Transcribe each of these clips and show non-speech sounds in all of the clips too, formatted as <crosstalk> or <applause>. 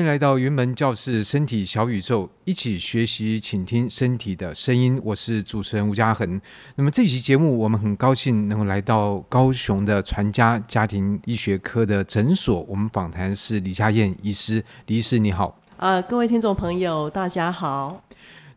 歡迎來到雲門教室身體小宇宙，一起學習，傾聽身體的聲音。我是主持人吳嘉恆。那麼這期節目，我們很高興能夠來到高雄的傳家家庭醫學科的診所，我們訪談是李佳燕醫師。李醫師你好，啊、呃，各位聽眾朋友，大家好。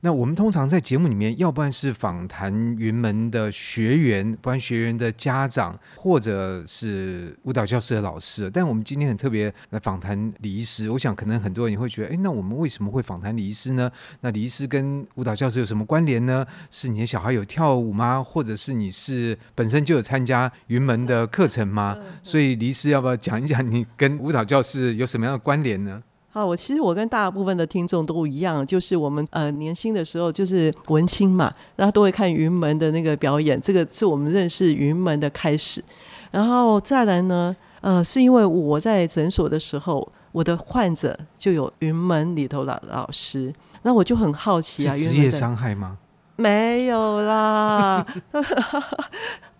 那我們通常在節目裡面，要不然是訪談雲門的學員，不然學員的家長，或者是舞蹈教室的老師。但我們今天很特別來訪談李醫師，我想可能很多人也會覺得，哎，那我們為什麼會訪談李醫師呢？那李醫師跟舞蹈教室有什麼關聯呢？是你的小孩有跳舞嗎？或者是你是本身就有參加雲門的課程嗎？所以李醫師要不要講一講你跟舞蹈教室有什麼樣的關聯呢？好，我其實我跟大部分的聽眾都一樣，就是我們呃年輕的時候就是文青嘛，大家都會看雲門的那個表演，這個是我們認識雲門的開始。然後再來呢，呃，是因為我在診所的時候，我的患者就有雲門裡頭的老師，那我就很好奇啊，職業傷害嗎？沒有啦。 <laughs> <laughs>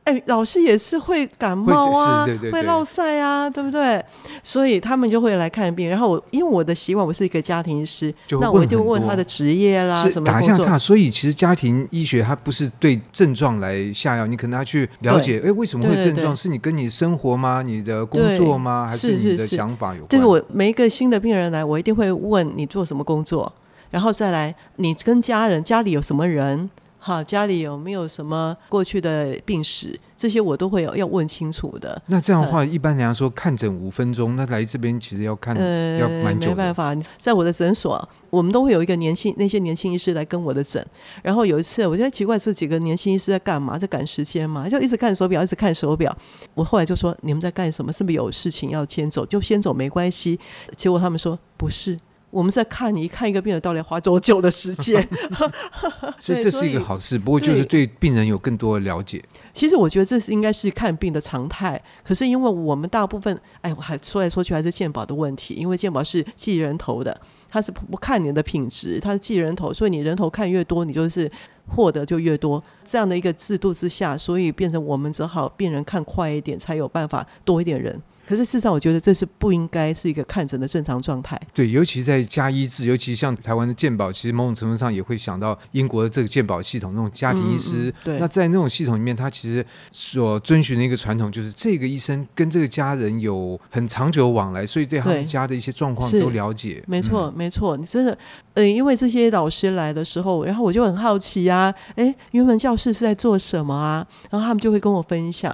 哎，老師也是會感冒啊，會落賽啊，對不對？所以他們就會來看病。然後我因為我的習慣，我是一個家庭醫師，那我就問他的職業啦，是什麼工作打下？所以其實家庭醫學它不是對症狀來下藥，你可能要去了解，哎對，為什麼會症狀？對對對是你跟你生活嗎？你的工作嗎？還是你的想法有關？對是是是、就是、我每一個新的病人來，我一定會問你做什麼工作，然後再來你跟家人家裡有什麼人。好，家裡有沒有什麼過去的病史？這些我都會要問清楚的。那這樣的話，嗯、一般人家說看診五分鐘，那來這邊其實要看，呃、要蠻久的。沒辦法，在我的診所，我們都會有一個年輕那些年輕醫師來跟我的診。然後有一次，我覺得奇怪，這幾個年輕醫師在幹嘛？在趕時間嗎？就一直看手錶，一直看手錶。我後來就說：“你們在幹什麼？是不是有事情要先走？就先走沒關係。”結果他們說：“不是。”我們在看你一看一個病人到底要花多久的時間， <laughs> <laughs> 對所以這是一個好事。以以不過就是對病人有更多的了解。其實我覺得這是應該是看病的常態。可是因為我們大部分，哎，我還說來說去還是健保的問題。因為健保是計人頭的，它是不看你的品質，它是計人頭。所以你人頭看越多，你就是獲得就越多。這樣的一個制度之下，所以變成我們只好病人看快一點，才有辦法多一點人。可是事實上，我覺得這是不應該是一個看診的正常狀態。對，尤其在家醫治，尤其像台灣的健保，其實某種程度上也會想到英國的這個健保系統，那種家庭醫師。嗯、對。那在那種系統裡面，他其實所遵循的一個傳統，就是這個醫生跟這個家人有很長久的往來，所以對他們家的一些狀況都了解。對嗯、沒錯，沒錯。你真的，嗯、呃，因為這些老師來的時候，然後我就很好奇啊，哎，雲門教室是在做什麼啊？然後他們就會跟我分享。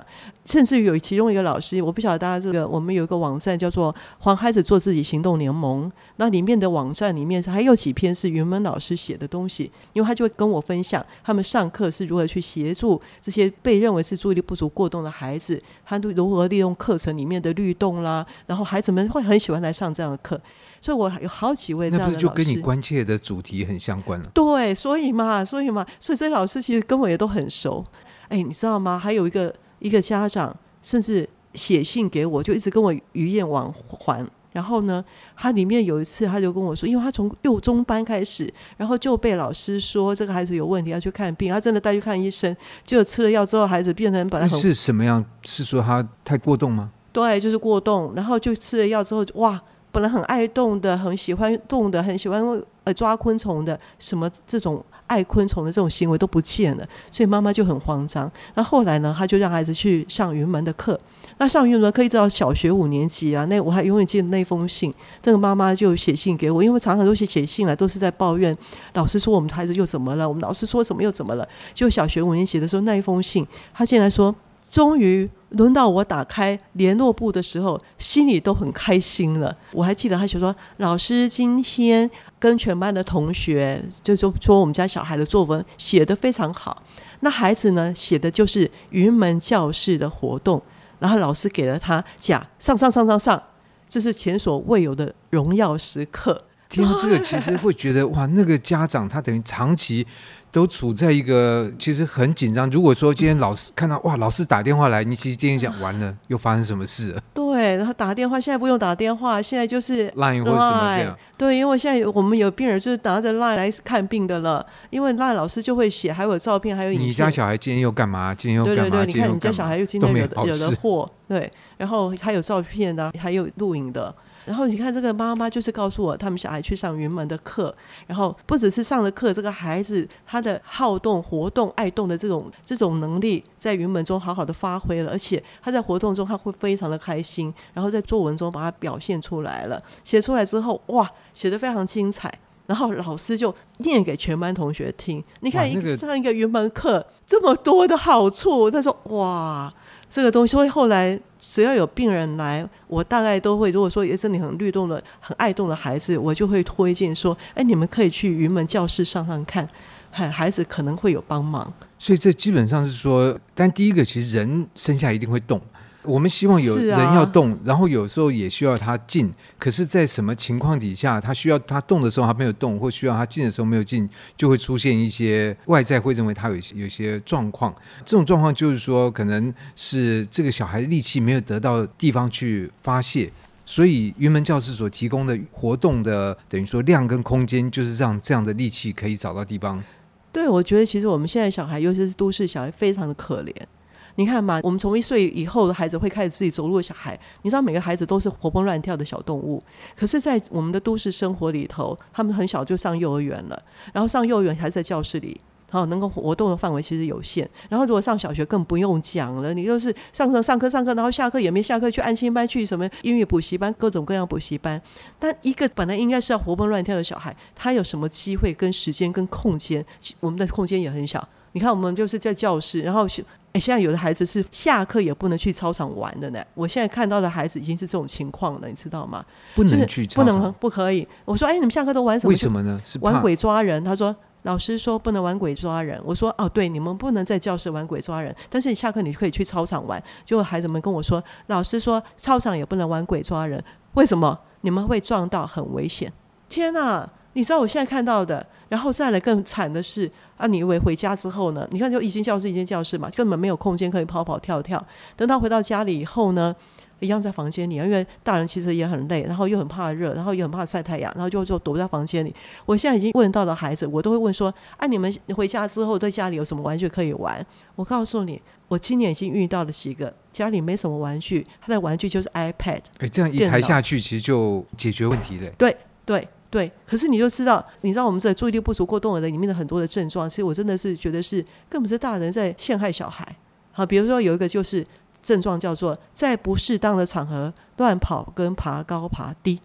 甚至有其中一個老師，我不曉得大家這個，我們有一個網站叫做“還孩子做自己行動聯盟”，那裡面的網站裡面還有幾篇是雲門老師寫的東西，因為他就會跟我分享他們上課是如何去協助這些被認為是注意力不足過動的孩子，他都如何利用課程裡面的律動啦，然後孩子們會很喜歡來上這樣的課。所以我有好幾位這樣的老師。那不是就跟你關切的主題很相關了？對，所以嘛，所以嘛，所以這些老師其實跟我也都很熟。哎，你知道嗎？還有一個。一個家長甚至寫信給我，就一直跟我魚雁往返。然後呢，他裡面有一次他就跟我說，因為他從幼中班開始，然後就被老師說這個孩子有問題要去看病，他真的帶去看醫生，結果吃了藥之後，孩子變成本來是什麼樣？是說他太過動嗎？對，就是過動。然後就吃了藥之後，哇，本來很愛動的，很喜歡動的，很喜歡呃抓昆蟲的，什麼這種。愛昆蟲的這種行為都不見了，所以媽媽就很慌張。那後來呢，她就讓孩子去上雲門的課。那上雲門的課一直到小學五年級啊，那我還永遠記得那封信。這個媽媽就寫信給我，因為常常都寫寫信來，啊，都是在抱怨老師說我們孩子又怎麼了，我們老師說什麼又怎麼了。就小學五年級的時候那一封信，她竟然說，終於輪到我打開聯絡簿的時候，心裡都很開心了。我還記得他就說，說：“老師今天跟全班的同學就說、是、說我們家小孩的作文寫得非常好。”那孩子呢，寫的就是雲門教室的活動，然後老師給了他甲上上上上上，這是前所未有的榮耀時刻。天，聽到這個其實會覺得哇，那個家長他等於長期都處在一個其實很緊張。如果說今天老師看到哇，老師打電話來，你其實今天想完了又發生什麼事了？對，然後打電話，現在不用打電話，現在就是 line 或是什麼這樣。對，因為現在我們有病人就是拿着 line 來看病的了，因為 line 老師就會寫，還有照片，還有影片。你家小孩今天又幹嘛？今天又幹嘛？你看你家小孩又今天有有的禍？對，然後還有照片啊，還有錄影的。然後你看，這個媽媽就是告訴我，他們小孩去上雲門的課，然後不只是上了課，這個孩子他的好動、活動、愛動的這種這種能力，在雲門中好好的發揮了，而且他在活動中他會非常的開心，然後在作文中把它表現出來了，寫出來之後，哇，寫得非常精彩，然後老師就念給全班同學聽。你看，一次上一個雲門課這麼多的好處，他說，哇，這個東西會後來。只要有病人來，我大概都會。如果說也是你很律動的、很愛動的孩子，我就會推薦說：“哎，你們可以去雲門教室上上看，孩、哎、孩子可能會有幫忙。”所以這基本上是說，但第一個其實人生下來一定會動。我們希望有人要動，啊、然後有時候也需要他靜。可是，在什麼情況底下，他需要他動的時候還沒有動，或需要他靜的時候沒有靜，就會出現一些外在會認為他有有些狀況。這種狀況就是說，可能是這個小孩的力氣沒有得到地方去發洩。所以，雲門教室所提供的活動的等於說量跟空間，就是讓這樣的力氣可以找到地方。對，我覺得其實我們現在小孩，尤其是都市小孩，非常的可憐。你看嘛，我們從一歲以後的孩子會開始自己走路的小孩。你知道每個孩子都是活蹦亂跳的小動物，可是，在我們的都市生活裡頭，他們很小就上幼兒園了，然後上幼兒園還是在教室裡，哈，能夠活動的範圍其實有限。然後，如果上小學更不用講了，你就是上課上課上課，然後下課也沒下課，去安心班去什麼英語補習班，各種各樣補習班。但一個本來應該是要活蹦亂跳的小孩，他有什麼機會、跟時間、跟空間？我們的空間也很小。你看，我們就是在教室，然後現現在有的孩子是下課也不能去操場玩的呢。我現在看到的孩子已經是這種情況了，你知道嗎？不能去操場，不能，不可以。我說，哎，你們下課都玩什麼？為什麼呢？是玩鬼抓人。他說，老師說不能玩鬼抓人。我說，哦，對，你們不能在教室玩鬼抓人，但是你下課你可以去操場玩。結果孩子們跟我說，老師說操場也不能玩鬼抓人，為什麼？你們會撞到，很危險。天哪，你知道我現在看到的。然後再來更慘的是啊，你以為回家之後呢？你看就一間教室一間教室嘛，根本沒有空間可以跑跑跳跳。等到回到家裡以後呢，一樣在房間裡，因為大人其實也很累，然後又很怕熱，然後又很怕曬太陽，然後就就躲在房間裡。我現在已經問到的孩子，我都會問說：啊，你們回家之後對家裡有什麼玩具可以玩？我告訴你，我今年已經遇到了幾個家裡沒什麼玩具，他的玩具就是 iPad。哎，這樣一台下去，其實就解決問題了。對對。對，可是你就知道，你知道我們在注意力不足過動兒的裡面的很多的症狀，其實我真的是覺得是根本是大人在陷害小孩。好，比如說有一個就是症狀叫做在不適當的場合亂跑跟爬高爬低，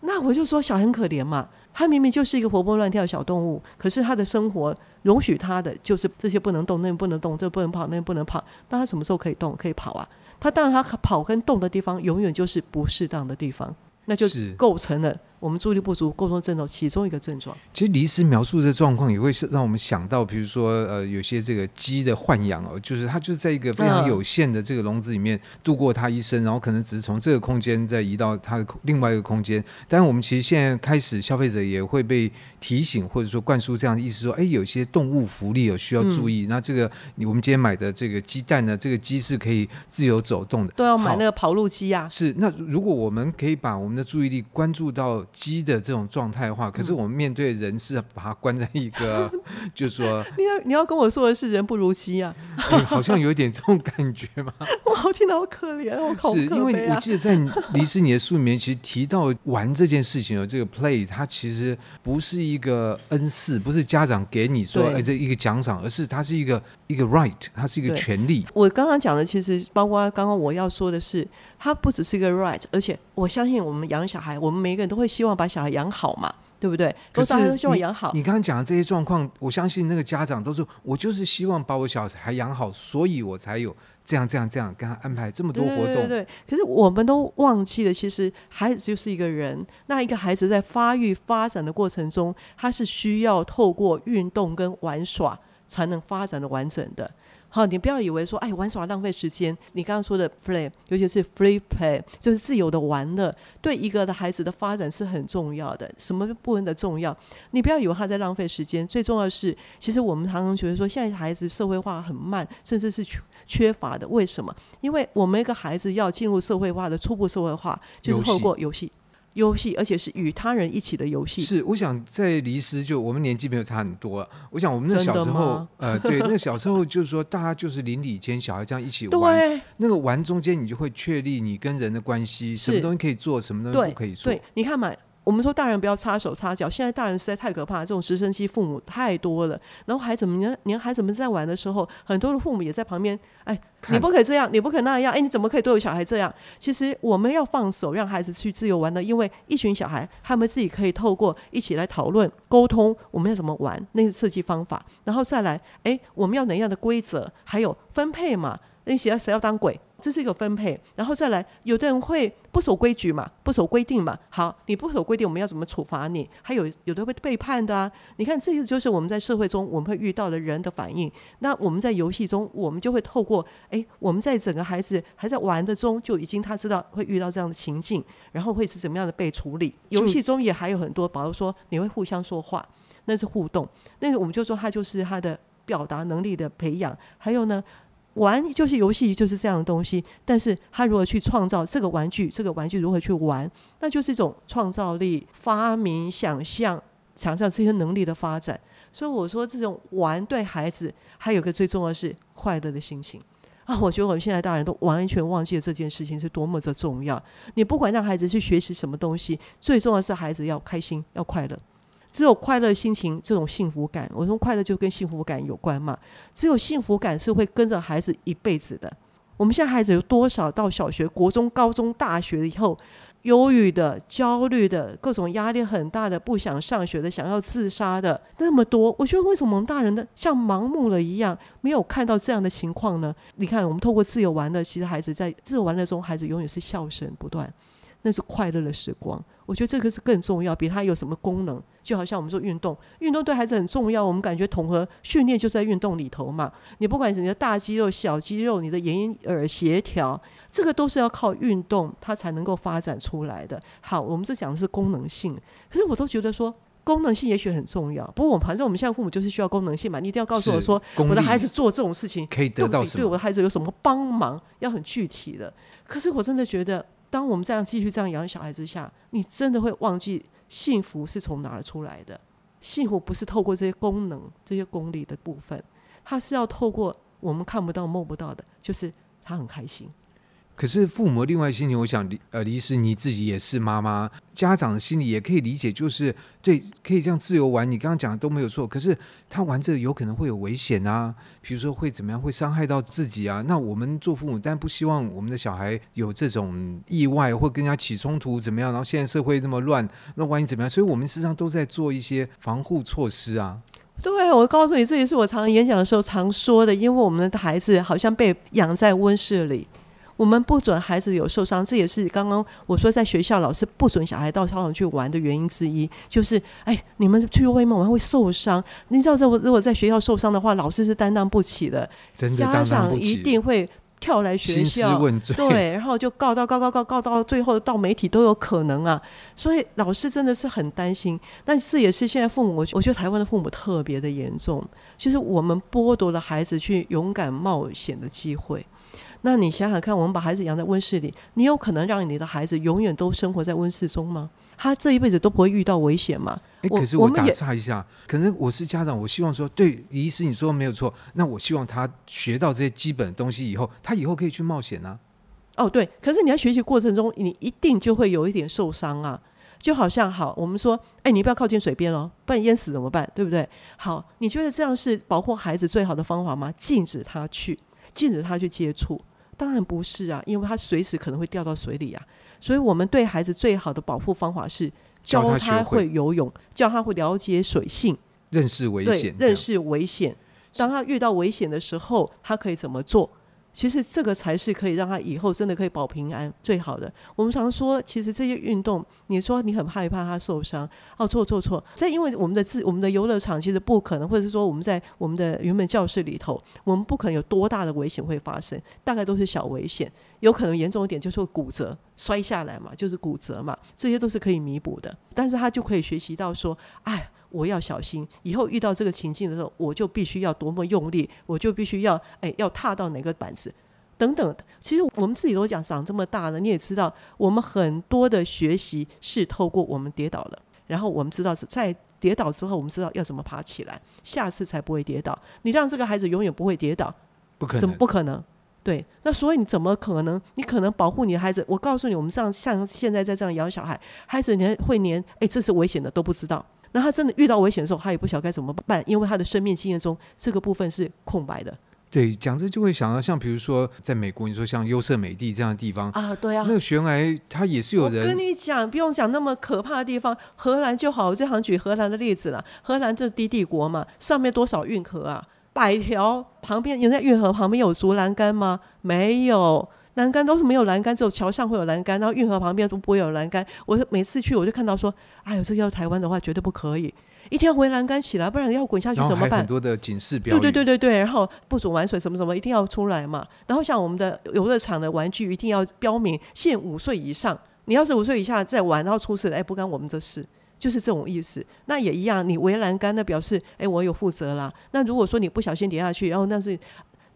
那我就說小孩很可憐嘛，他明明就是一個活蹦亂跳的小動物，可是他的生活容許他的就是這些不能動，那不能動，這不能跑，那不能跑，那他什麼時候可以動可以跑啊？他當然他跑跟動的地方永遠就是不適當的地方，那就構成了。我們注意力不足，過動症，其中一個症狀。其實李醫師描述這狀況，也會讓我們想到，比如說，呃，有些這個雞的豢養哦，就是它就是在一個非常有限的這個籠子裡面度過它一生，嗯、然後可能只是從這個空間再移到它的另外一個空間。但是我們其實現在開始，消費者也會被提醒或者說灌輸這樣的意思，說，哎，有些動物福利有，、哦、需要注意。嗯、那這個我們今天買的這個雞蛋呢，這個雞是可以自由走動的，都要買那個跑路雞呀、啊。是，那如果我們可以把我們的注意力關注到雞的這種狀態的話，可是我們面對的人是把它關在一個， <laughs> 就是說，你要你要跟我說的是人不如雞啊、 <laughs> 欸，好像有點這種感覺嗎？哇， <laughs> 好聽到好可憐、啊，我好是因為悲、啊、 <laughs> 我記得在迪士尼的書裡面其實提到玩這件事情哦，這個 play 它其實不是一個恩賜，不是家長給你說哎對、欸、這一個獎賞，而是它是一個一個 right，它是一個權利。我剛剛講的其實包括剛剛我要說的是，它不只是一個 right，而且。我相信我們養小孩，我們每一個人都會希望把小孩養好嘛，對不對？都希望養好。你剛剛講的這些狀況，我相信那個家長都是我就是希望把我小孩養好，所以我才有這樣這樣這樣跟他安排這麼多活動。對對對。可是我們都忘記了，其實孩子就是一個人，那一個孩子在發育發展的過程中，他是需要透過運動跟玩耍才能發展的完整的。好，你不要以為說，哎，玩耍浪費時間。你剛剛說的 play，尤其是 free play，就是自由的玩的，對一個的孩子的發展是很重要的。什麼部分的重要？你不要以為他在浪費時間。最重要的是，其實我們常常覺得說，現在孩子社會化很慢，甚至是缺缺乏的。為什麼？因為我們一個孩子要進入社會化的初步社會化，就是透過遊戲。遊戲遊戲，而且是與他人一起的遊戲。是，我想在離世，就我們年紀沒有差很多，我想我們那小時候，呃，對，那小時候就是說， <laughs> 大家就是鄰里間小孩這樣一起玩，對那個玩中間你就會確立你跟人的關係，是什麼東西可以做，什麼東西不可以做。對，對，你看嘛。我們說大人不要插手插腳，現在大人實在太可怕，這種直升機父母太多了。然後孩子們，年孩子們在玩的時候，很多的父母也在旁邊，哎，看你不可以這樣，你不可以那樣，哎，你怎麼可以對我小孩這樣？其實我們要放手，讓孩子去自由玩的，因為一群小孩他們自己可以透過一起來討論溝通，我們要怎麼玩，那個設計方法，然後再來，哎，我們要哪樣的規則，還有分配嘛？那誰要誰要當鬼？這是一個分配，然後再來，有的人會不守規矩嘛，不守規定嘛。好，你不守規定，我們要怎麼處罰你？還有，有的人會背叛的啊！你看，這個就是我們在社會中我們會遇到的人的反應。那我們在遊戲中，我們就會透過，哎，我們在整個孩子還在玩的中，就已經他知道會遇到這樣的情境，然後會是怎麼樣的被處理。遊戲中也還有很多，比如說你會互相說話，那是互動，那個我們就說他就是他的表達能力的培養。還有呢。玩就是遊戲，就是這樣的東西。但是他如何去創造這個玩具？這個玩具如何去玩？那就是一種創造力、發明、想象、想象這些能力的發展。所以我說，這種玩對孩子還有一個最重要的是快樂的心情啊！我覺得我們現在大人都完全忘記了這件事情是多麼的重要。你不管讓孩子去學習什麼東西，最重要的是孩子要開心、要快樂。只有快樂心情，這種幸福感。我說快樂就跟幸福感有關嘛。只有幸福感是會跟着孩子一輩子的。我們現在孩子有多少到小學、國中、高中、大學以後，憂鬱的、焦慮的、各種壓力很大的、不想上學的、想要自殺的那麼多。我覺得為什麼我們大人的像盲目了一樣，沒有看到這樣的情況呢？你看，我們透過自由玩樂，其實孩子在自由玩樂中，孩子永遠是笑聲不斷，那是快樂的時光。我覺得這個是更重要，比它有什麼功能。就好像我們說運動，運動對孩子很重要。我們感覺統合訓練就在運動裡頭嘛。你不管是你的大肌肉、小肌肉，你的眼耳協調，這個都是要靠運動，它才能夠發展出來的。好，我們這講的是功能性。可是我都覺得說功能性也許很重要。不過我們反正我們現在父母就是需要功能性嘛，你一定要告訴我說，功我的孩子做這種事情，到底對我的孩子有什麼幫忙？要很具體的。可是我真的覺得。當我們這樣繼續這樣養小孩之下，你真的會忘記幸福是從哪兒出來的。幸福不是透過這些功能、這些功利的部分，它是要透過我們看不到、摸不到的，就是他很開心。可是父母的另外的心情，我想，呃，李醫師，你自己也是媽媽，家長的心裡也可以理解，就是對，可以這樣自由玩。你剛剛講的都沒有錯，可是他玩這個有可能會有危險啊，比如說會怎麼樣，會傷害到自己啊。那我們做父母，但不希望我們的小孩有這種意外，或跟人家起衝突怎麼樣。然後現在社會那麼亂，那萬一怎麼樣？所以我們事實上都在做一些防護措施啊。對，我告訴你，這也是我常常演講的時候常說的，因為我們的孩子好像被養在溫室裡。我們不准孩子有受傷，這也是剛剛我說在學校老師不准小孩到操場去玩的原因之一，就是哎，你們去外面玩會受傷。你知道這，如果如果在學校受傷的話，老師是擔當不起的，真的當當不起，家長一定會跳來學校，心思問罪，對，然後就告到告告告告告告到最後到媒體都有可能啊。所以老師真的是很擔心，但是也是現在父母，我我覺得台灣的父母特別的嚴重，就是我們剝奪了孩子去勇敢冒險的機會。那你想想看，我們把孩子養在溫室裡，你有可能讓你的孩子永遠都生活在溫室中嗎？他這一輩子都不會遇到危險嗎？欸、我可我我打岔一下，也可能我是家長，我希望說，對李醫師，你說的沒有錯，那我希望他學到這些基本的東西以後，他以後可以去冒險呢、啊。哦，對，可是你在學習過程中，你一定就會有一點受傷啊，就好像好，我們說，哎、欸，你不要靠近水邊哦，不然淹死怎麼辦？對不對？好，你覺得這樣是保護孩子最好的方法嗎？禁止他去，禁止他去接觸。當然不是啊，因為他隨時可能會掉到水裡啊，所以我們對孩子最好的保護方法是教他會游泳，教他會了解水性，認識危險，對，認識危險。當他遇到危險的時候，他可以怎麼做？其實這個才是可以讓他以後真的可以保平安最好的。我們常說，其實這些運動，你說你很害怕他受傷，哦，錯錯錯！這因為我們的自我們的遊樂場其實不可能，或者是說我們在我們的雲門教室裡頭，我們不可能有多大的危險會發生，大概都是小危險，有可能嚴重一點就是會骨折，摔下來嘛，就是骨折嘛，這些都是可以彌補的。但是他就可以學習到說，哎。我要小心，以後遇到這個情境的時候，我就必須要多麼用力，我就必須要哎要踏到哪個板子，等等。其實我們自己都講長這麼大了，你也知道，我們很多的學習是透過我們跌倒了，然後我們知道是在跌倒之後，我們知道要怎麼爬起來，下次才不會跌倒。你讓這個孩子永遠不會跌倒，不可能，怎麼不可能？對，那所以你怎麼可能？你可能保護你的孩子？我告訴你，我們這樣像現在在這樣養小孩，孩子連會連哎這是危險的都不知道。那他真的遇到危險的時候，他也不曉得該怎麼辦，因為他的生命經驗中這個部分是空白的。對，講這就會想到，像比如說，在美國，你說像優勝美地這樣的地方啊，對啊，那個懸崖，它也是有人。我跟你講，不用講那麼可怕的地方，荷蘭就好。我經常舉荷蘭的例子了，荷蘭就是低地國嘛，上面多少運河啊，百條，旁邊人家運河旁邊有竹欄杆嗎？沒有。欄杆都是沒有欄杆，只有橋上會有欄杆，然後運河旁邊都不會有欄杆。我每次去，我就看到說：“哎呦，這個要台灣的話，絕對不可以，一定要圍欄杆起來，不然要滾下去怎麼辦？”很多的警示標，對對對對對，然後不准玩水什麼什麼，一定要出來嘛。然後像我們的遊樂場的玩具，一定要標明限五歲以上，你要是五歲以下再玩，然後出事了，哎，不干我們這事，就是這種意思。那也一樣，你圍欄杆那表示，哎，我有負責啦。那如果說你不小心跌下去，然後那是。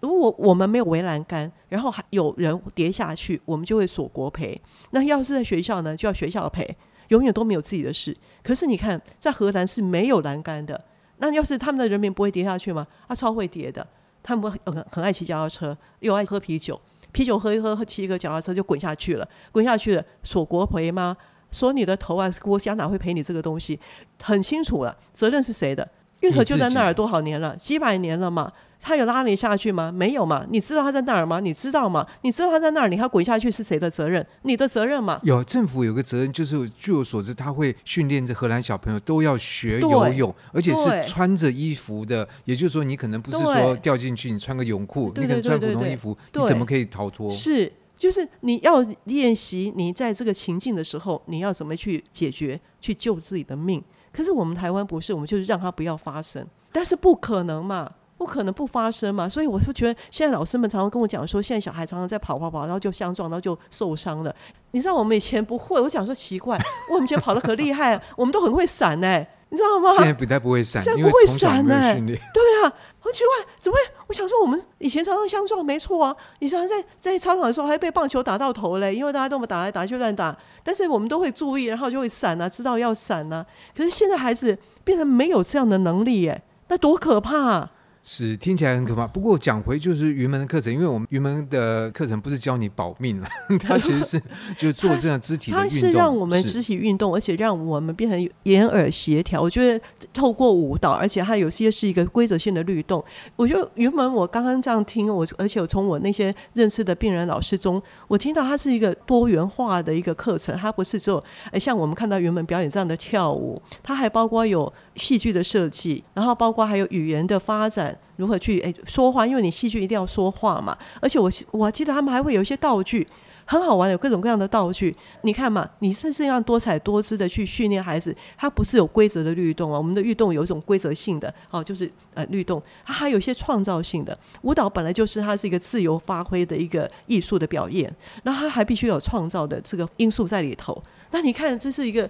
如果我們沒有圍欄杆，然後還有人跌下去，我們就會索國賠。那要是在學校呢，就要學校賠，永遠都沒有自己的事。可是你看，在荷蘭是沒有欄杆的，那要是他們的人民不會跌下去嗎？他、啊、超會跌的，他們很很，很愛騎腳踏車，又愛喝啤酒，啤酒喝一喝，騎一個腳踏車就滾下去了，滾下去了，索國賠嗎？索你的頭啊，國家哪會賠你這個東西？很清楚了、啊，責任是誰的？運河就在那兒多少年了？幾百年了嘛？他有拉你下去嗎？沒有嘛？你知道他在那兒嗎？你知道嗎？你知道他在那兒？你他滾下去是誰的責任？你的責任嗎？有政府有個責任，就是據我所知，他會訓練着荷蘭小朋友都要學游泳，對而且是穿着衣服的。對也就是說，你可能不是說掉進去，你穿個泳褲，對你可能穿普通衣服，你怎麼可以逃脫？是，就是你要練習，你在這個情境的時候，你要怎麼去解決，去救自己的命。可是我們台灣不是，我們就是讓它不要發生，但是不可能嘛，不可能不發生嘛。所以我就覺得，現在老師們常常跟我講說，現在小孩常常在跑跑跑，然後就相撞，然後就受傷了。你知道我們以前不會，我講說奇怪，我們以前跑得可厲害、啊， <laughs> 我們都很會閃哎、欸。你知道嗎？現在不太不會閃，現在不會閃呢，因為從小沒有訓練。對啊，好奇怪，怎麼會？我想說，我們以前常常相撞，沒錯啊。以前在在操場的時候，還被棒球打到頭嘞，因為大家都嘛打來打去亂打。但是我們都會注意，然後就會閃啊，知道要閃啊。可是現在孩子變成沒有這樣的能力、欸，耶。那多可怕、啊！是聽起來很可怕，不過講回就是雲門的課程，因為我們雲門的課程不是教你保命了，它其實是就是做這樣肢體的運動，它，它是讓我們肢體運動，是而且讓我們變成眼耳協調。我覺得透過舞蹈，而且它有些是一個規則性的律動。我覺得雲門，我剛剛這樣聽，我而且我從我那些認識的病人老師中，我聽到它是一個多元化的一個課程，它不是只有、哎、像我們看到雲門表演這樣的跳舞，它還包括有戲劇的設計，然後包括還有語言的發展。如何去誒說話？因為你戲劇一定要說話嘛。而且我我還記得他們還會有一些道具，很好玩，有各種各樣的道具。你看嘛，你是這樣多彩多姿的去訓練孩子，他不是有規則的律動啊。我們的律動有一種規則性的，哦，就是呃律動，它還有一些創造性的舞蹈，本來就是它是一個自由發揮的一個藝術的表演。那它還必須有創造的這個因素在裡頭。那你看，這是一個。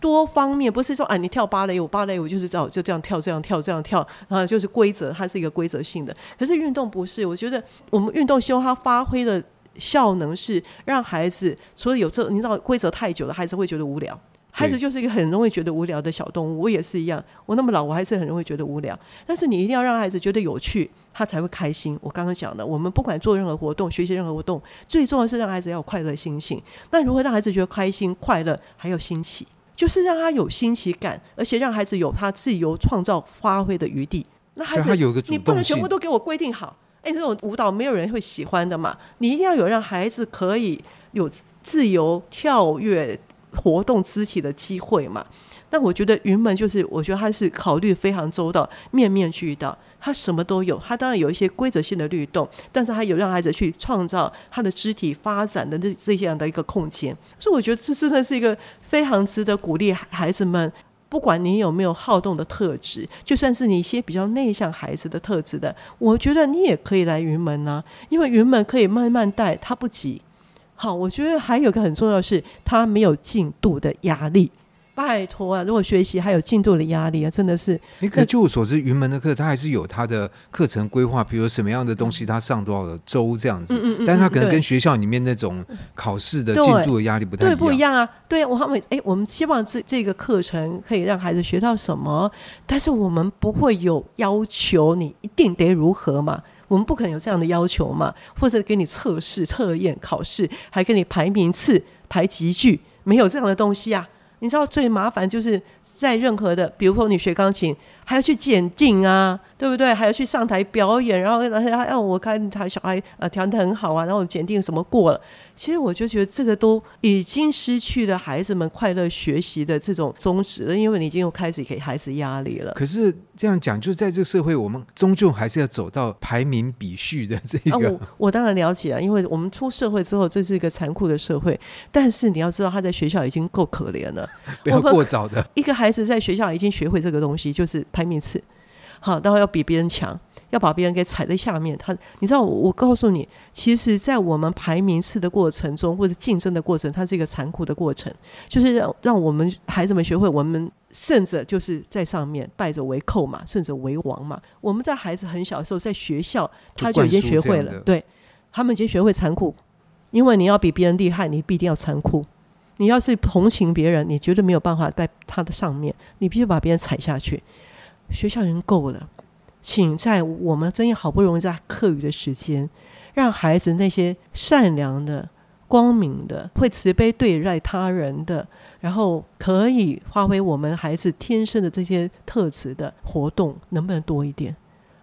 多方面不是說啊，你跳芭蕾舞，芭蕾舞就是照就這樣跳，這樣跳，這樣跳，然後就是規則，它是一個規則性的。可是運動不是，我覺得我們運動希望它發揮的效能是讓孩子，除了有這你知道規則太久了，孩子會覺得無聊。孩子就是一個很容易覺得無聊的小動物，對我也是一樣，我那麼老我還是很容易覺得無聊。但是你一定要讓孩子覺得有趣，他才會開心。我剛剛講的，我們不管做任何活動，學習任何活動，最重要是讓孩子要有快樂心情。那如何讓孩子覺得開心、快樂，還有新奇？就是讓他有新奇感，而且讓孩子有他自由創造發揮的餘地。那孩子有一個主動性。你不能全部都給我規定好。哎、欸，這種舞蹈沒有人會喜歡的嘛。你一定要有讓孩子可以有自由跳躍活動肢體的機會嘛。但我覺得雲門就是，我覺得他是考慮非常周到、面面俱到，他什麼都有。他當然有一些規則性的律動，但是他有讓孩子去創造他的肢體發展的這這樣的一個空間。所以我覺得這真的是一個非常值得鼓勵孩子們，不管你有沒有好動的特質，就算是你一些比較內向孩子的特質的，我覺得你也可以來雲門啊。因為雲門可以慢慢帶，他不急。好，我覺得還有一個很重要的是，他沒有進度的壓力。拜託啊！如果學習還有進度的壓力啊，真的是。你看，欸，據我所知，雲門的課他還是有他的課程規劃，比如什麼樣的東西他上多少週這樣子。嗯，嗯，嗯，嗯。但是，他可能跟學校裡面那種考試的進度的壓力不太一樣。對，對，不一樣啊。對啊，我他們哎，我們希望這這個課程可以讓孩子學到什麼，但是我們不會有要求你一定得如何嘛。我們不可能有這樣的要求嘛，或者給你測試測驗考試，還給你排名次排級距，沒有這樣的東西啊。你知道最麻煩就是在任何的，比如說你學鋼琴。還要去檢定啊，對不對？還要去上台表演，然後讓、啊、我看他小孩呃，條、啊、件很好啊，然後我檢定什麼過了。其實我就覺得這個都已經失去了孩子們快樂學習的這種宗旨了，因為你已經又開始給孩子壓力了。可是這樣講，就是在這個社會，我們終究還是要走到排名比序的這個。啊、我我當然了解了、啊，因為我們出社會之後，這是一個殘酷的社會。但是你要知道，他在學校已經夠可憐了，不要過早的。一個孩子在學校已經學會這個東西，就是。排名次，好，然後要比別人強，要把別人給踩在下面。他，你知道我，我告訴你，其實，在我們排名次的過程中，或者競爭的過程，它是一個殘酷的過程，就是讓讓我們孩子們學會，我們勝者就是在上面，敗者為寇嘛，勝者為王嘛。我們在孩子很小的時候，在學校他就已經學會了，就對他們已經學會殘酷，因為你要比別人厲害，你必定要殘酷。你要是同情別人，你絕對沒有辦法在他的上面，你必須把別人踩下去。學校已經夠了，請在我們真的好不容易在課餘的時間，讓孩子那些善良的、光明的、會慈悲對待他人的，然後可以發揮我們孩子天生的這些特質的活動，能不能多一點？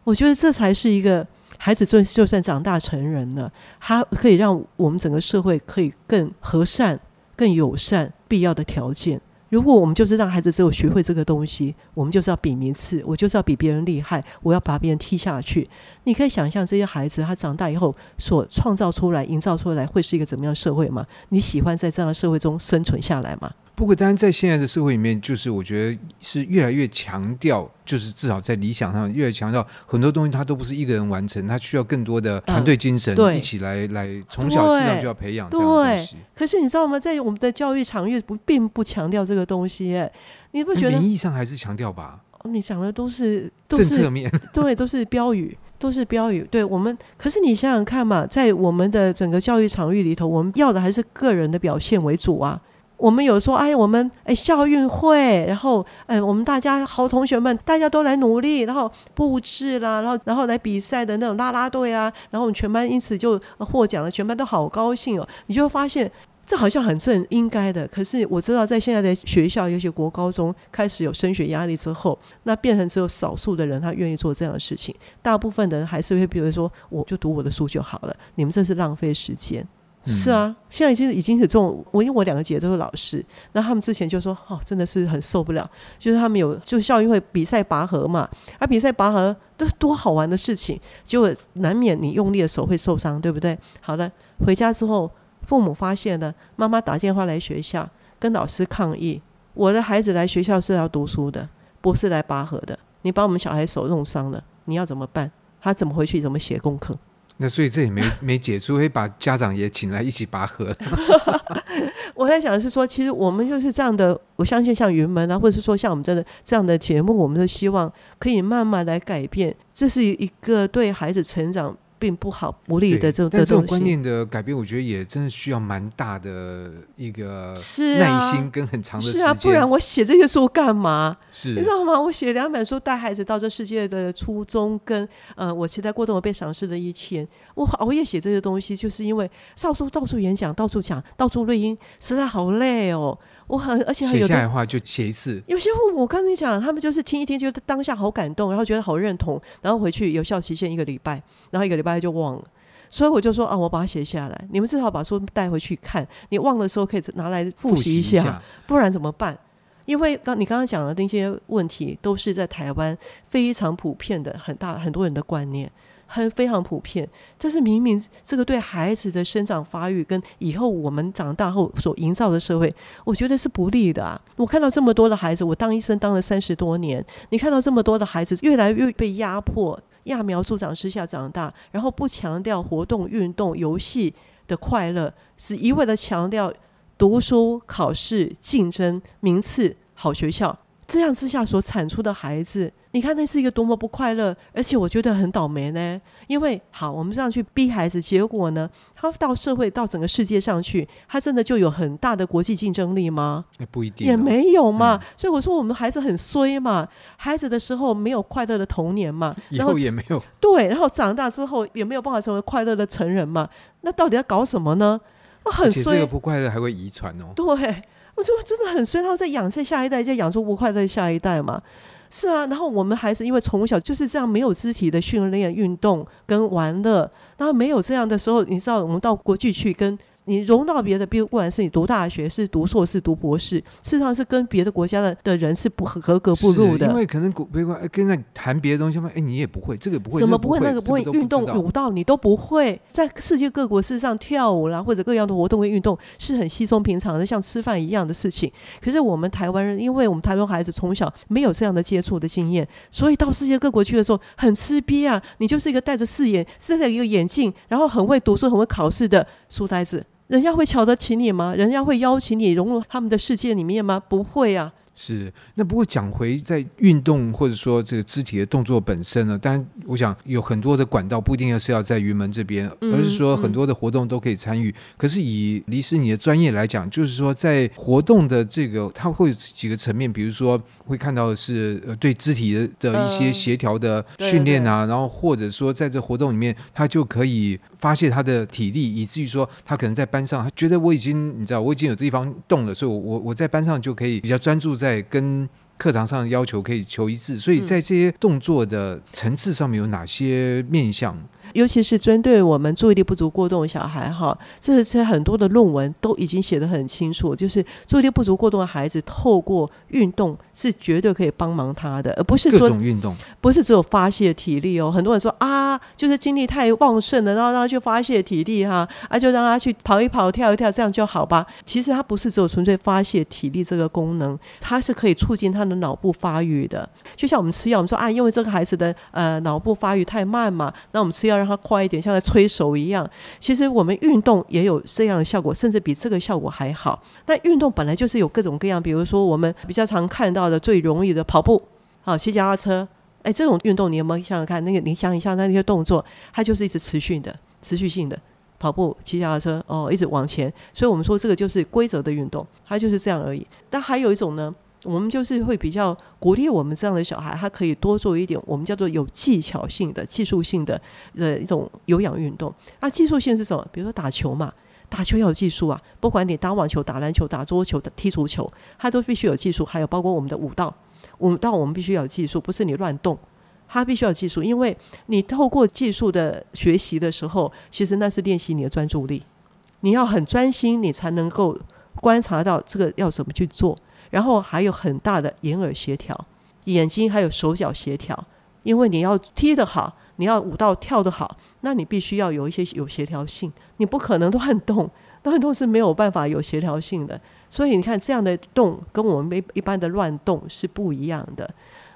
我覺得這才是一個孩子，就就算長大成人了，他可以讓我們整個社會可以更和善、更友善，必要的條件。如果我們就是讓孩子只有學會這個東西，我們就是要比名次，我就是要比別人厲害，我要把別人踢下去。你可以想象這些孩子他長大以後所創造出來、營造出來會是一個怎麼樣的社會嗎？你喜歡在這樣的社會中生存下來嗎？不過，當然，在現在的社會裡面，就是我覺得是越來越強調，就是至少在理想上，越來越強調很多東西，它都不是一個人完成，它需要更多的團隊精神，一起來來從小時候就要培養這東西對對。可是你知道嗎？在我們的教育場域並不並不強調這個東西，你不覺得、呃、名義上還是強調吧？你講的都是政策，面，對，都是標語，都是標語。對我們，可是你想想看嘛，在我們的整個教育場域裡頭，我們要的還是個人的表現為主啊。我們有說，哎，我們哎校運會，然後，嗯、哎，我們大家好，同學們，大家都來努力，然後布置啦，然後，然後來比賽的那種拉拉隊啊，然後我們全班因此就獲獎了，全班都好高興哦。你就會發現，這好像很正應該的。可是我知道，在現在的學校，尤其國高中開始有升學壓力之後，那變成只有少數的人他願意做這樣的事情，大部分的人還是會比如說，我就讀我的書就好了。你們這是浪費時間。是啊，現在就已經是這種，我因為我兩個姐都是老師，那他們之前就說，哦，真的是很受不了，就是他們有就校運會比賽拔河嘛，啊，比賽拔河都是多好玩的事情，結果難免你用力的時候會受傷，對不對？好的，回家之後父母發現了，媽媽打電話來學校跟老師抗議，我的孩子來學校是要讀書的，不是來拔河的，你把我們小孩手弄傷了，你要怎麼辦？他怎麼回去？怎麼寫功課？.那所以這也沒沒解除，可以把家長也請來一起拔河。 <laughs> <laughs> 我在想的是說，其實我們就是這樣的，我相信像雲門啊，或者是說像我們這的這樣的節目，我們都希望可以慢慢來改變，這是一個對孩子成長並不好，不利的對這種這種觀念的改變，我覺得也真的需要蠻大的一個耐心跟很長的時間是、啊。是啊，不然我寫這些書幹嘛？是，你知道嗎？我寫兩本書，帶孩子到這世界的初衷，跟呃，我期待過多我被賞識的一天，我熬夜寫這些東西，就是因為少數到處演講，到處講，到處錄音，實在好累哦。我很而且還有寫下來的話就寫一次。有些父母我跟你講，他們就是聽一聽，就當下好感動，然後覺得好認同，然後回去有效期限一個禮拜，然後一個禮拜就忘了。所以我就說啊，我把它寫下來，你們至少把書帶回去看。你忘了時候可以拿來複習一下，一下。不然怎麼辦？因為剛你剛剛講的那些問題都是在台灣非常普遍的，很大很多人的觀念。很非常普遍，但是明明這個對孩子的生長發育跟以後我們長大後所營造的社會，我覺得是不利的啊。我看到這麼多的孩子，我當醫生當了三十多年，你看到這麼多的孩子越來越被壓迫、揠苗助長之下長大，然後不強調活動、運動、遊戲的快樂，是一味的強調讀書、考試、競爭、名次、好學校，這樣之下所產出的孩子。你看，那是一個多麼不快樂，而且我覺得很倒霉呢。因為好，我們這樣去逼孩子，結果呢，他到社會、到整個世界上去，他真的就有很大的國際競爭力嗎？也不一定，也沒有嘛。嗯，所以我說，我們孩子很衰嘛。孩子的時候沒有快樂的童年嘛，然後以後也沒有。對，然後長大之後也沒有辦法成為快樂的成人嘛。那到底要搞什麼呢？那很衰，這個不快樂還會遺傳哦。對，我就真的很衰，他在養成下一代，再養出不快樂下一代嘛。是啊，然後我們孩子因為從小就是這樣沒有肢體的訓練、運動跟玩樂，然後沒有這樣的時候，你知道我們到國際去跟。你融到別的，比如不管是你讀大學、是讀碩士、讀博士，事實上是跟別的國家的的人是不合格不入的。因為可能古別個跟那談別的東西、哎、你也不會，這個也不會，怎麼不會？那個不會不不運動、舞蹈，你都不會。在世界各國事實上跳舞啦，或者各樣的活動跟運動是很稀鬆平常的，像吃飯一樣的事情。可是我們台灣人，因為我們台灣孩子從小沒有這樣的接觸的經驗，所以到世界各國去的時候很吃逼啊！你就是一個戴着四眼、戴着一個眼鏡，然後很會讀書、很會考試的書呆子。人家會瞧得起你嗎？人家會邀請你融入他們的世界裡面嗎？不會啊。是，那不過講回在運動或者說這個肢體的動作本身呢，當然我想有很多的管道，不一定是要在雲門這邊，而是說很多的活動都可以參與。嗯嗯、可是以李師你的專業來講，就是說在活動的這個，他會有幾個層面，比如說會看到的是對肢體的一些協調的訓練啊，呃、然後或者說在這活動裡面，他就可以發洩他的體力，以至於說他可能在班上，他覺得我已經你知道，我已經有地方動了，所以我我在班上就可以比較專注在。在跟課堂上要求可以求一致，所以在這些動作的層次上面有哪些面向？尤其是針對我們注意力不足過動的小孩哈，這些很多的論文都已經寫得很清楚，就是注意力不足過動的孩子透過運動是絕對可以幫忙他的，而不是說各種運動，不是只有發洩體力哦。很多人說啊，就是精力太旺盛了，然後讓他去發洩體力哈、啊，啊就讓他去跑一跑、跳一跳，這樣就好吧？其實他不是只有純粹發洩體力這個功能，它是可以促進他的腦部發育的。就像我們吃藥，我們說啊，因為這個孩子的呃腦部發育太慢嘛，那我們吃藥。讓它快一點，像在催熟一樣。其實我們運動也有這樣的效果，甚至比這個效果還好。但運動本來就是有各種各樣，比如說我們比較常看到的最容易的跑步，好、啊、騎腳踏車，哎，這種運動你有沒有想想看？那個，你想一下那些動作，它就是一直持續的、持續性的跑步、騎腳踏車，哦，一直往前。所以我們說這個就是規則的運動，它就是這樣而已。但還有一種呢。我們就是會比較鼓勵我們這樣的小孩，他可以多做一點我們叫做有技巧性的、技術性的呃一種有氧運動。啊，技術性是什麼？比如說打球嘛，打球要有技術啊。不管你打網球、打籃球、打桌球、踢足球，它都必須有技術。還有包括我們的舞蹈，舞蹈我們必須有技術，不是你亂動，它必須要技術。因為你透過技術的學習的時候，其實那是練習你的專注力，你要很專心，你才能夠觀察到這個要怎麼去做。然後還有很大的眼耳協調，眼睛還有手腳協調，因為你要踢得好，你要舞蹈跳得好，那你必須要有一些有協調性，你不可能亂動，亂動是沒有辦法有協調性的。所以你看這樣的動跟我們一一般的亂動是不一樣的。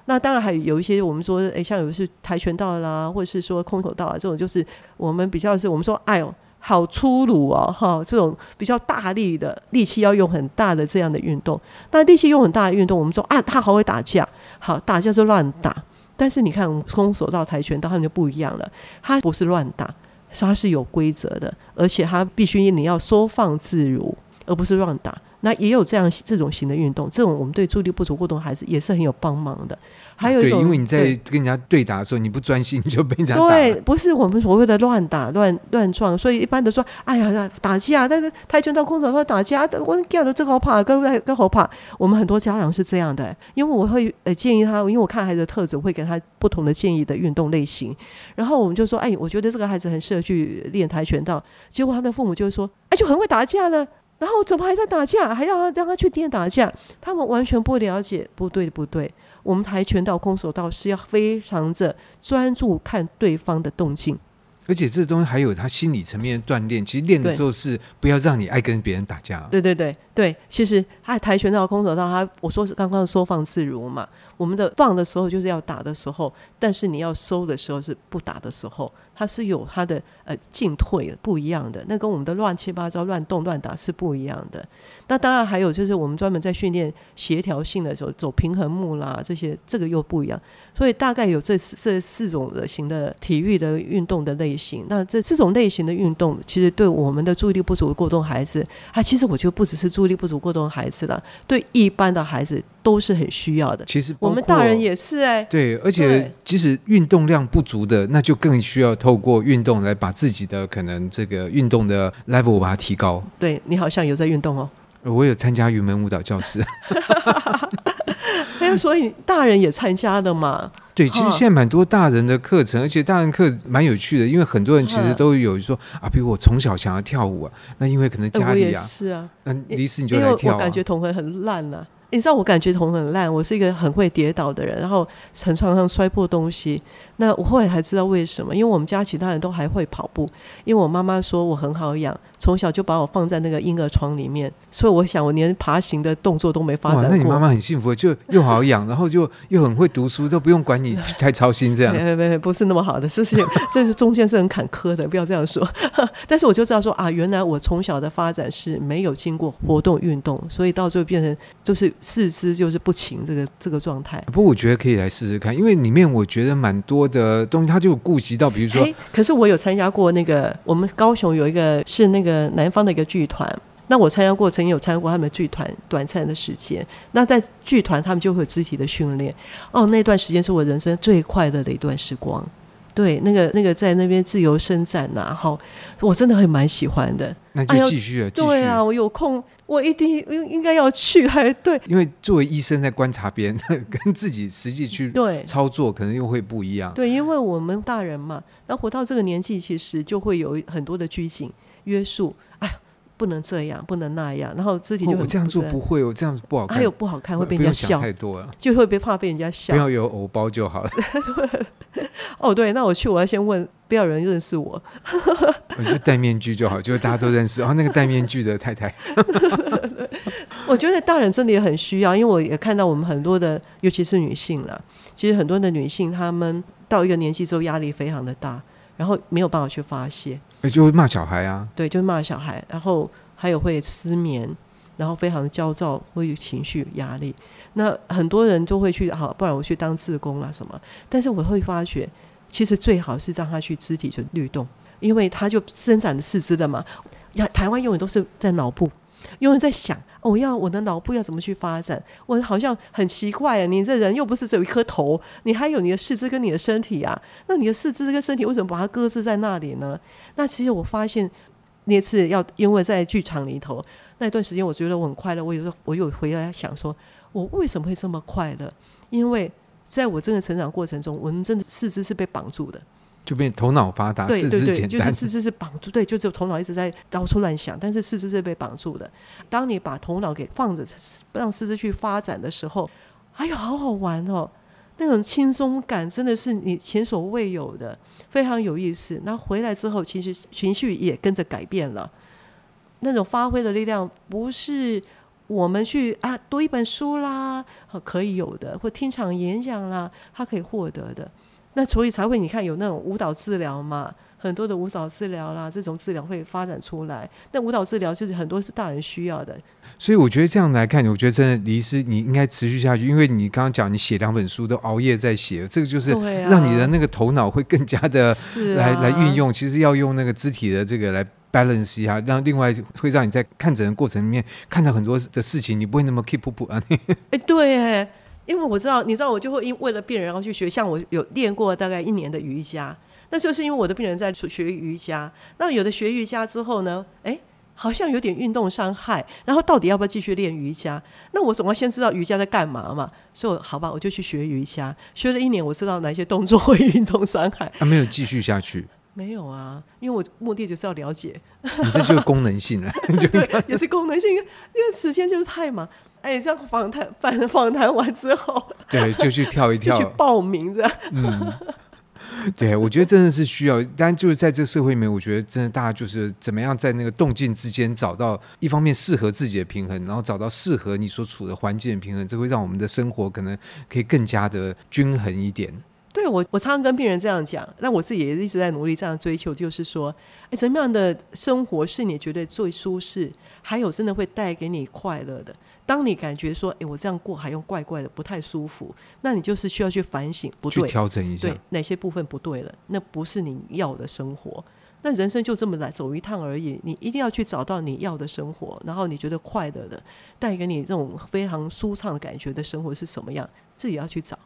那當然還有一些我們說，哎，像有些跆拳道啦，或者是說空手道啊，這種就是我們比較是我們說，哎呦。好粗魯哦，哈、哦！這種比較大力的力氣要用很大的這樣的運動，那力氣用很大的運動，我們說啊，他好會打架，好打架就亂打。但是你看，空手道、跆拳道他們就不一樣了，他不是亂打，他是有規則的，而且他必須你要收放自如，而不是亂打。那也有這樣這種型的運動，這種我們對注意力不足過動的孩子也是很有幫忙的。還有一種對，因為你在跟人家對打的時候，對你不專心就被人家打了。對，不是我們所謂的亂打亂亂撞，所以一般都說，哎呀，打架，但是跆拳道、空手道打架，啊、我講的這麼怕，格外好怕。我們很多家長是這樣的，因為我會呃建議他，因為我看孩子的特質，會給他不同的建議的運動類型。然後我們就說，哎，我覺得這個孩子很適合去練跆拳道。結果他的父母就說，哎，就很會打架了，然後怎麼還在打架，還要讓他去練打架？他們完全不了解，不對，不對。我們跆拳道、空手道是要非常的專注看對方的動靜，而且這東西還有他心理層面的鍛鍊。其實練的時候是不要讓你愛跟別人打架。對對對。對，其實他在跆拳道、空手道，他我說是剛剛收放自如嘛。我們的放的時候就是要打的時候，但是你要收的時候是不打的時候，他是有他的呃進退不一樣的。那跟我們的亂七八糟亂動亂打是不一樣的。那當然還有就是我們專門在訓練協調性的時候，走平衡木啦這些，這個又不一樣。所以大概有這四這四種的型的體育的運動的類型。那這這種類型的運動，其實對我們的注意力不足的過動孩子啊，其實我覺得不只是注。注意力不足過動的孩子啦，對一般的孩子都是很需要的。其實我們大人也是哎、欸。對，而且對即使運動量不足的，那就更需要透過運動來把自己的可能這個運動的 level 把它提高。對，你好像有在運動哦？我有參加雲門舞蹈教室。 <laughs> <laughs> 所以大人也參加的嘛？對，其實現在蠻多大人的課程，啊、而且大人課蠻有趣的，因為很多人其實都有說啊，啊，比如我從小想要跳舞啊，那因為可能家裡啊，啊是啊，嗯，臨時你就來跳、啊。因為我感覺統合很爛吶、啊，你知道我感覺統合很爛，我是一個很會跌倒的人，然後很常常摔破東西。那我後來才知道為什麼，因為我們家其他人都還會跑步，因為我媽媽說我很好養。從小就把我放在那個嬰兒床裡面，所以我想我連爬行的動作都沒發展過。那你媽媽很幸福，就又好養， <laughs> 然後就又很會讀書，都不用管你太操心這樣。沒沒沒，不是那麼好的事情，是是 <laughs> 這是中間是很坎坷的，不要這樣說。 <laughs> 但是我就知道說啊，原來我從小的發展是沒有經過活動運動，所以到最後變成就是四肢就是不勤這個這個狀態、啊。不過我覺得可以來試試看，因為裡面我覺得蠻多的東西，他就顧及到，比如說、欸，可是我有參加過那個，我們高雄有一個是那個。呃，南方的一個劇團，那我參加過，曾經有參加過他們的劇團短暫的時間。那在劇團，他們就會有肢體的訓練。哦，那段時間是我人生最快樂的一段時光。對，那個那個在那邊自由伸展吶、啊，好、哦，我真的很蠻喜歡的。那就繼續啊，對啊，我有空，我一定應應該要去，還對。因為作為醫生，在觀察別人跟自己實際去對操作，可能又會不一樣對。對，因為我們大人嘛，那活到這個年紀，其實就會有很多的拘謹。約束，哎呀，不能這樣，不能那樣，然後肢體我這樣做不會，我這樣子不好看，還有不好看會被人家笑，太多了就會被怕被人家笑，不要有偶包就好了。 <laughs> <laughs> 哦，對，那我去，我要先問，不要有人認識我， <laughs> 我就戴面具就好，就是、大家都認識。然後、 <laughs> 哦、那個戴面具的太太， <laughs> <laughs> 我覺得大人真的也很需要，因為我也看到我們很多的，尤其是女性啦，其實很多的女性，她們到一個年紀之後，壓力非常的大，然後沒有辦法去發洩。欸、就會罵小孩啊，對，就罵小孩，然後還有會失眠，然後非常的焦躁，會有情緒壓力。那很多人都會去，好、啊，不然我去當志工啦、啊、什麼？但是我會發覺，其實最好是讓他去肢體就律動，因為他就伸展的四肢的嘛。台灣永遠都是在腦部，永遠在想。我要、哦、我的腦部要怎麼去發展？我好像很奇怪啊！你這人又不是只有一顆頭，你還有你的四肢跟你的身體啊！那你的四肢跟身體為什麼把它擱置在那裡呢？那其實我發現，那次要因為在劇場裡頭那段時間，我覺得我很快樂。我有我有回來想說，我為什麼會這麼快樂？因為在我這個成長過程中，我們真的四肢是被綁住的。就變頭腦發達，對對對，四肢簡單。就是四肢是綁住，對，就只有頭腦一直在到處亂想，但是四肢是被綁住的。當你把頭腦給放着，讓四肢去發展的時候，哎呦，好好玩哦！那種輕鬆感真的是你前所未有的，非常有意思。那回來之後，其實情緒也跟着改變了。那種發揮的力量，不是我們去啊讀一本書啦、哦，可以有的，或聽場演講啦，他可以獲得的。那所以才會你看有那種舞蹈治療嘛，很多的舞蹈治療啦，這種治療會發展出來。那舞蹈治療就是很多是大人需要的。所以我覺得這樣來看，我覺得真的李醫師你應該持續下去，因為你剛剛講你寫兩本書都熬夜在寫，這個就是讓你的那個頭腦會更加的來來運用。其實要用那個肢體的這個來 balance 一下，讓另外會讓你在看診的過程裡面看到很多的事情，你不會那麼 keep 不對哎，對。因為我知道，你知道我就會因為了病人然後去學，像我有練過大概一年的瑜伽，那就是因為我的病人在學瑜伽。那有的學瑜伽之後呢，哎，好像有點運動傷害，然後到底要不要繼續練瑜伽？那我總要先知道瑜伽在幹嘛嘛。所以，好吧，我就去學瑜伽，學了一年，我知道哪些動作會運動傷害。還、啊、沒有繼續下去？沒有啊，因為我目的就是要了解。 <laughs> 你這就是功能性了、啊， <laughs> 對 <laughs> 也是功能性，因為時間就是太忙。哎，這樣訪談、訪訪談完之後，對，就去跳一跳， <laughs> 就去報名這樣。嗯，對，我覺得真的是需要，但就是在這個社會裡面，我覺得真的大家就是怎麼樣在那個動靜之間找到一方面適合自己的平衡，然後找到適合你所處的環境的平衡，這會讓我們的生活可能可以更加的均衡一點。對，我我常常跟病人這樣講，那我自己也一直在努力這樣追求，就是說，哎，什麼樣的生活是你覺得最舒適，還有真的會帶給你快樂的？當你感覺說，哎，我這樣過還用怪怪的，不太舒服，那你就是需要去反省，不對，去調整一下，對，哪些部分不對了？那不是你要的生活。那人生就這麼來走一趟而已，你一定要去找到你要的生活，然後你覺得快樂的，帶給你這種非常舒暢的感覺的生活是什麼樣，自己要去找。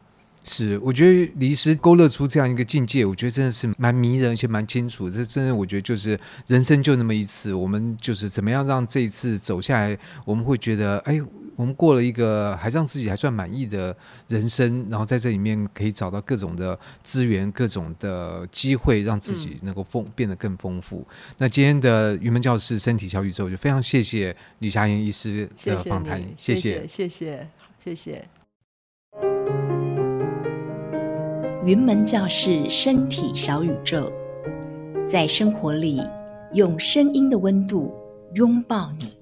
是，我覺得李醫師勾勒出這樣一個境界，我覺得真的是蠻迷人，而且蠻清楚。這真的，我覺得就是人生就那麼一次，我們就是怎麼樣讓這一次走下來，我們會覺得，哎，我們過了一個還讓自己還算滿意的人生，然後在這裡面可以找到各種的資源、各種的機會，讓自己能夠豐、嗯、變得更豐富。那今天的雲門教室身體小宇宙，就非常謝謝李佳燕醫師的訪談，謝謝，謝謝，謝謝。雲門教室，身體小宇宙，在生活裡用聲音的溫度擁抱你。